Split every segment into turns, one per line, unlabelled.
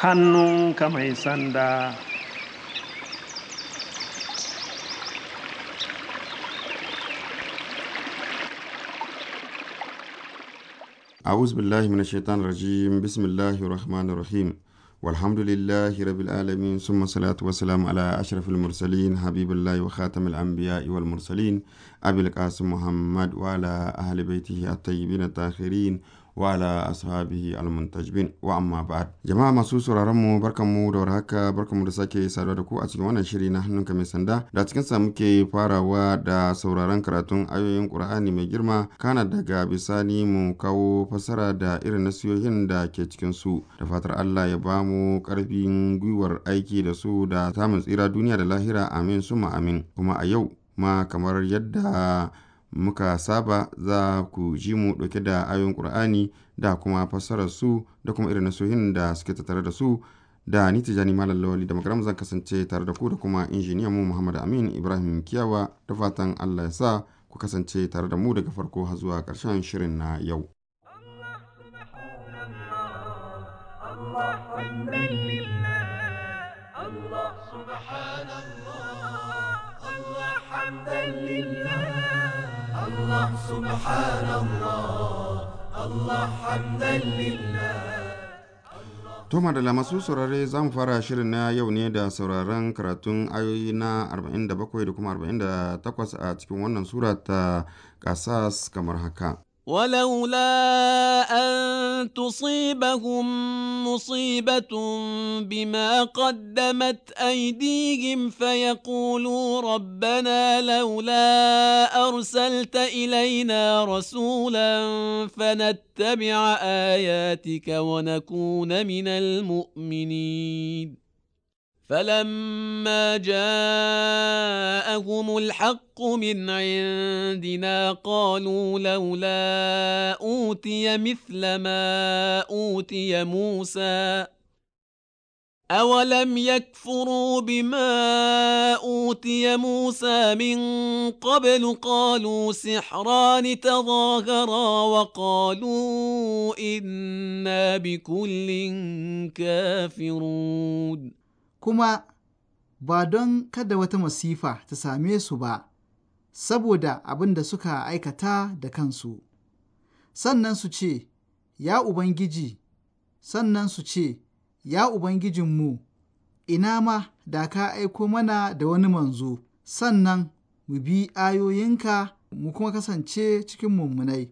hannunka mai sanda أعوذ بالله من الشيطان الرجيم بسم الله الرحمن الرحيم والحمد لله رب العالمين ثم الصلاة والسلام على أشرف المرسلين حبيب الله وخاتم الأنبياء والمرسلين أبي القاسم محمد وعلى أهل بيته الطيبين الطاهرين wa ala ashabihi almuntajbin wa amma ba'd jama'a masu sauraron mu barkanmu da warhaka barkanmu da sake saduwa da ku a cikin wannan shiri na hannunka mai sanda da cikin sa muke farawa da sauraron karatun ayoyin Qur'ani mai girma kana daga bisani mu kawo fasara da irin nasiyoyin da ke cikin su da fatar Allah ya ba mu karfin gwiwar aiki da su da samun tsira duniya da lahira amin suma amin kuma a yau ma kamar yadda muka saba za ku ji mu ɗauke da ayoyin ƙur'ani da kuma fassarar su da kuma irin nasuhin da suke tattare da su da ni tijani malam lawali da zan kasance tare da ku da kuma injiniyan mu muhammad amin ibrahim kiyawa da fatan allah ya sa ku kasance tare da mu daga farko har zuwa ƙarshen shirin na yau. Allah
subhanallah, Allah hamdan الله سبحان الله الله حمدا لله
da masu saurare za mu fara shirin na yau ne da sauraron karatun ayoyi na 47 da kuma 48 a cikin wannan sura ta kasas kamar haka.
ولولا أن تصيبهم مصيبة بما قدمت أيديهم فيقولوا ربنا لولا أرسلت إلينا رسولا فنتبع آياتك ونكون من المؤمنين فلما جاءهم الحق من عندنا قالوا لولا اوتي مثل ما اوتي موسى اولم يكفروا بما اوتي موسى من قبل قالوا سحران تظاهرا وقالوا انا بكل
كافرون kuma ba don kada wata masifa ta same su ba saboda abin da suka aikata da kansu. Sannan su ce, Ya Ubangiji, sannan su ce, Ya Ubangijinmu, ina ma da ka aiko mana da wani manzo, sannan mu bi ayoyinka mu kuma kasance cikin mummunai.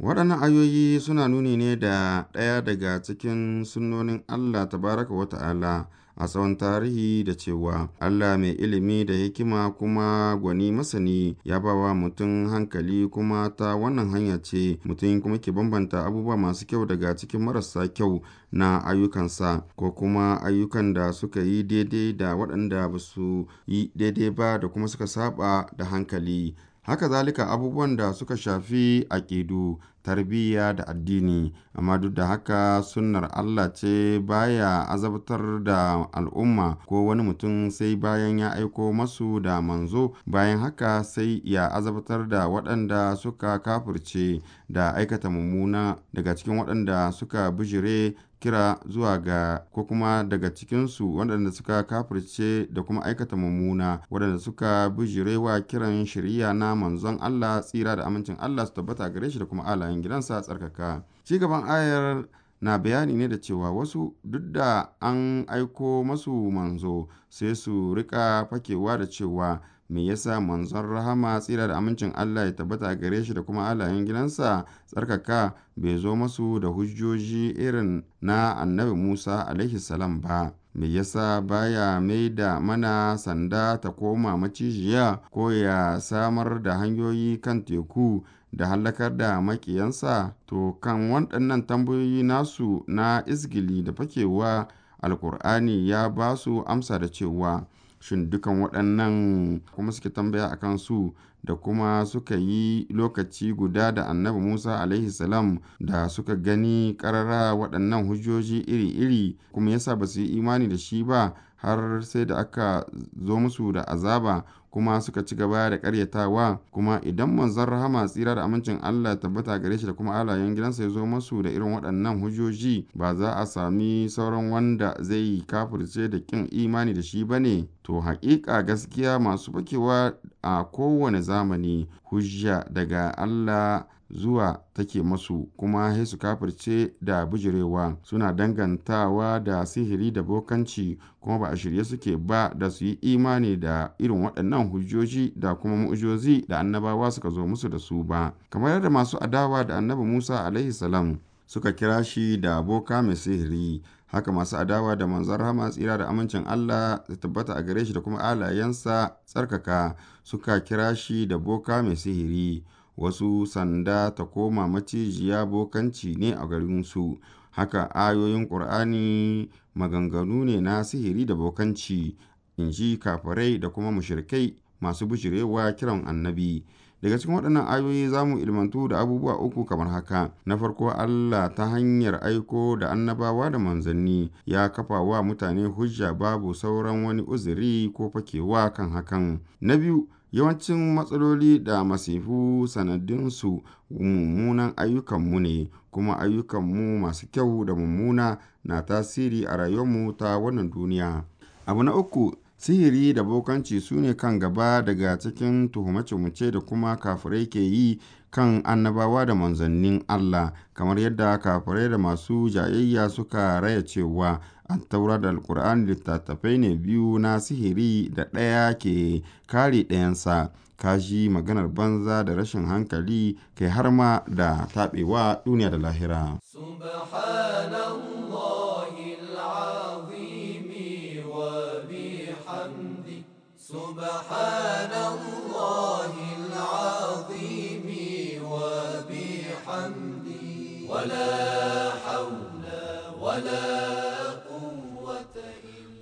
Waɗannan ayoyi suna nuni ne da ɗaya daga cikin sunnonin Allah ta baraka wa ta'ala a tsawon tarihi da cewa Allah mai ilimi da hikima kuma gwani masani ya ba wa mutum hankali kuma ta wannan hanya ce mutum kuma ke bambanta abubuwa masu kyau daga cikin marasa kyau na ayyukansa ko kuma ayyukan da suka yi daidai da waɗanda ba su yi daidai ba da kuma suka saba da hankali haka zalika abubuwan da suka shafi aƙidu tarbiyya da addini amma duk da haka sunnar Allah ce baya azabtar da al'umma ko wani mutum sai bayan ya aiko masu da manzo bayan haka sai ya azabtar da waɗanda suka kafirce da aikata mummuna daga cikin waɗanda suka bijire kira zuwa ga ko kuma daga cikinsu waɗanda suka kafirce da kuma aikata mummuna waɗanda suka bijirewa kiran shari'a na manzon Allah tsira da amincin Allah su tabbata gare shi da kuma Allah kayan gidansa tsarkaka. Ci gaban ayar na bayani ne da cewa wasu duk da an aiko masu manzo sai su rika fakewa da cewa me yasa manzon rahama tsira da amincin Allah ya tabbata gare shi da kuma alayen gidansa tsarkaka bai zo masu da hujjoji irin na annabi Musa alaihi salam ba me yasa baya mai da mana sanda ta koma macijiya ko ya samar da hanyoyi kan teku da hallakar da makiyansa to kan waɗannan tambayoyi nasu na izgili da fakewa alkur'ani ya ba su amsa da cewa shin dukan waɗannan kuma suke tambaya a kansu da kuma suka yi lokaci guda da annabi musa alaihi salam da suka gani ƙarara waɗannan hujjoji iri-iri kuma yasa ba su yi imani da shi ba har sai da aka zo musu da azaba kuma suka ci gaba da karyatawa kuma idan manzon rahama tsira da amincin Allah tabbata gare shi da kuma alayen gidansa ya zo masu da irin waɗannan hujjoji ba za a sami sauran wanda zai yi kafirce da kin imani da shi ba ne to haƙiƙa gaskiya masu bakewa a kowane zamani hujja daga Allah zuwa take masu kuma hesu kafirce da bijirewa suna dangantawa da sihiri da bokanci kuma ba a shirye suke ba da su yi imani da irin waɗannan hujjoji da kuma mu'ujoji da annabawa suka zo musu da su ba kamar yadda masu adawa da annabi Musa alaihi salam suka kira shi da boka mai sihiri haka masu adawa da manzon rahama tsira da amincin Allah da tabbata a gare shi da kuma alayensa tsarkaka suka kira shi da boka mai sihiri wasu sanda ta koma macijiya bokanci ne a garinsu, haka ayoyin Ƙur'ani maganganu ne na sihiri da bokanci, in ji kafirai da kuma mushirikai masu bishirewa kiran annabi. Daga cikin waɗannan ayoyi za mu ilmantu da abubuwa uku kamar haka. Na farko Allah ta hanyar aiko da annabawa da manzanni ya kafa wa mutane hujja babu sauran wani uzuri ko fakewa kan hakan. Na biyu Yawancin matsaloli da masifu sanadinsu mummunan ayyukanmu ne, kuma ayyukanmu masu kyau da mummuna na tasiri a rayuwarmu ta wannan duniya. Abu na uku, sihiri da bokanci su ne kan gaba daga cikin tuhumace tuhume da kuma kafirai ke yi kan annabawa da manzannin Allah, kamar yadda kafirai da masu jayayya suka raya cewa taura da Alƙur'ani littattafai ne biyu na sihiri da ɗaya ke kare ɗayansa, kashi maganar banza da rashin hankali kai har ma da taɓewa duniya da lahira.
Subhanallah.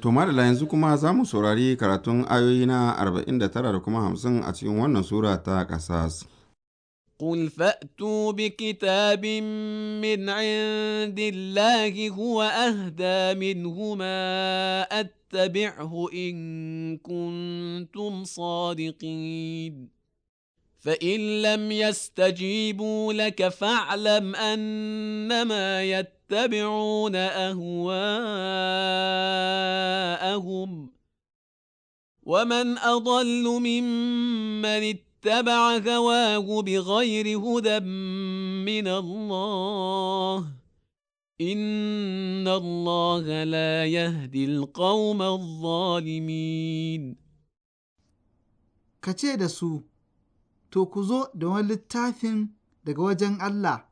To madalla yanzu kuma za mu saurari karatun ayoyi na 49 da kuma 50 a cikin wannan sura ta ƙasas.
قل فأتوا بكتاب من عند الله هو أهدى منهما أتبعه إن كنتم صادقين فإن لم يستجيبوا لك فاعلم أنما يتبعون أهواءهم ومن أضل ممن اتبع هواه بغير هدى من الله إن الله لا
يهدي القوم الظالمين كتير to ku zo da wani littafin daga wajen Allah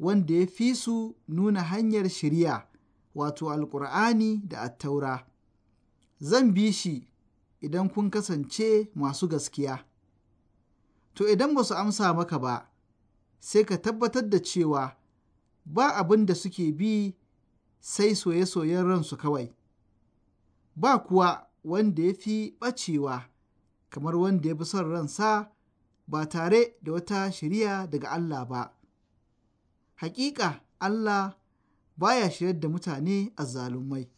wanda ya fi su nuna hanyar shirya wato alkur'ani da attaura zan bi shi idan kun kasance masu gaskiya to idan ba su amsa maka ba sai ka tabbatar da cewa ba abin da suke bi sai soye-soyen ransu kawai ba kuwa wanda ya fi ɓacewa kamar wanda ya fi son ransa ba tare da wata shirya daga Allah ba. Hakika Allah baya shirar da mutane a azzalumai.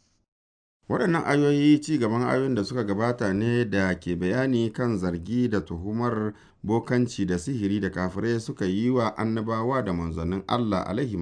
Waɗannan ayoyi ci gaban ayoyin da suka gabata ne da ke bayani kan zargi da tuhumar bokanci da sihiri da kafirai suka yi wa annabawa da manzannin Allah alaihi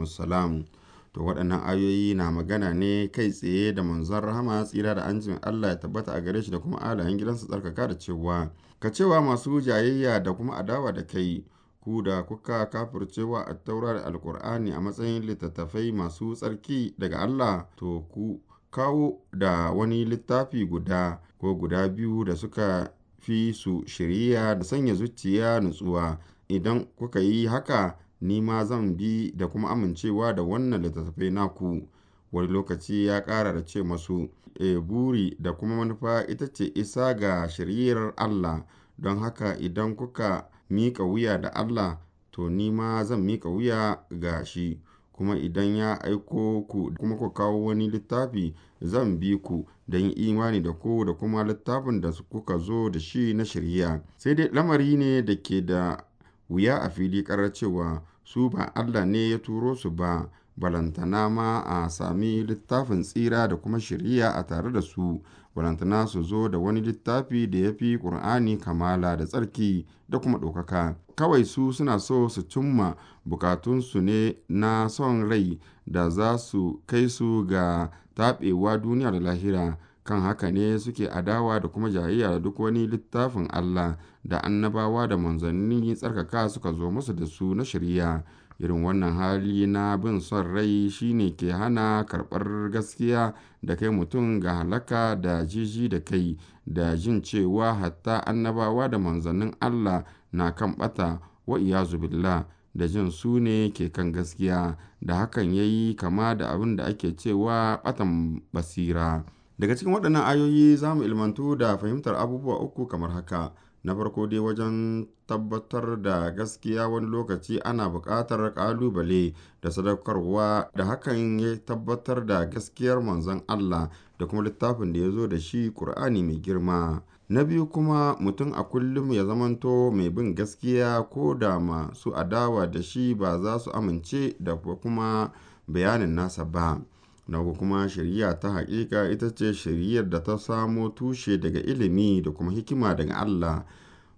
to waɗannan ayoyi na magana ne kai tsaye da manzon rahama tsira da anjin Allah ya tabbata a gare shi da kuma alayen gidansa tsarkaka da cewa ka cewa masu jayayya da kuma adawa da kai ku da kuka kafircewa a taura da alkur'ani a matsayin littattafai masu tsarki daga Allah to ku kawo da wani littafi guda ko guda biyu da suka fi su shirya da sanya zuciya nutsuwa idan kuka yi haka ni ma zan bi da kuma amincewa da wannan littattafai naku. Wani lokaci ya ƙara da ce masu, eh, buri da kuma manufa ita ce isa ga shiriyar Allah. Don haka idan kuka miƙa wuya da Allah, to ni ma zan mika wuya ga shi. Kuma idan ya aiko ku kuma ku kawo wani littafi, zan bi ku don yi imani da ku da kuma littafin da kuka zo da shi na shirya. Sai dai lamari ne da ke da wuya a fili ƙarar cewa su ba Allah ne ya turo su ba, balantana ma a sami littafin tsira da kuma shiriya a tare da su, balantana su zo da wani littafi da ya fi Ƙur'ani kamala da tsarki da kuma ɗaukaka. Kawai su suna so su cimma bukatunsu ne na son rai da za su kai su ga taɓewa duniya da lahira. kan haka ne suke adawa da kuma jayayya da duk wani littafin Allah da annabawa da manzanni tsarkaka suka zo musu da su na shirya irin wannan hali na bin son rai shine ke hana karɓar gaskiya da kai mutum ga halaka da jiji da kai da jin cewa hatta annabawa da manzannin Allah na kan ɓata wa iyazu billah da jin su ne ke kan gaskiya da hakan ya yi kama da abin da ake cewa ɓatan basira. Daga cikin waɗannan ayoyi za mu ilmantu da fahimtar abubuwa uku kamar haka. Na farko dai wajen tabbatar da gaskiya wani lokaci ana buƙatar ƙalubale da sadaukarwa da hakan ya tabbatar da gaskiyar manzon Allah da kuma littafin da ya zo da shi Ƙur'ani mai girma. Na biyu kuma mutum a kullum ya zamanto mai bin gaskiya ko da masu adawa da shi ba za su amince da kuma bayanin nasa ba. na kuma shari'a ta haƙiƙa ita ce shari'ar da ta samo tushe daga ilimi da kuma hikima daga Allah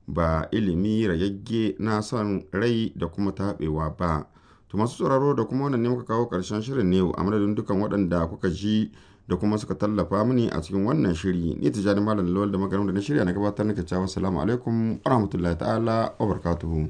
ba ilimi rayagge na son rai da kuma taɓewa ba to masu tsoraro da kuma wannan ne muka kawo karshen shirin ne a madadin dukan waɗanda kuka ji da kuma suka tallafa mini a cikin wannan shiri ni jani malam lawal da maganin da na shirya na gabatar nake cewa salamu alaikum wa rahmatullahi ta'ala wa barakatuhu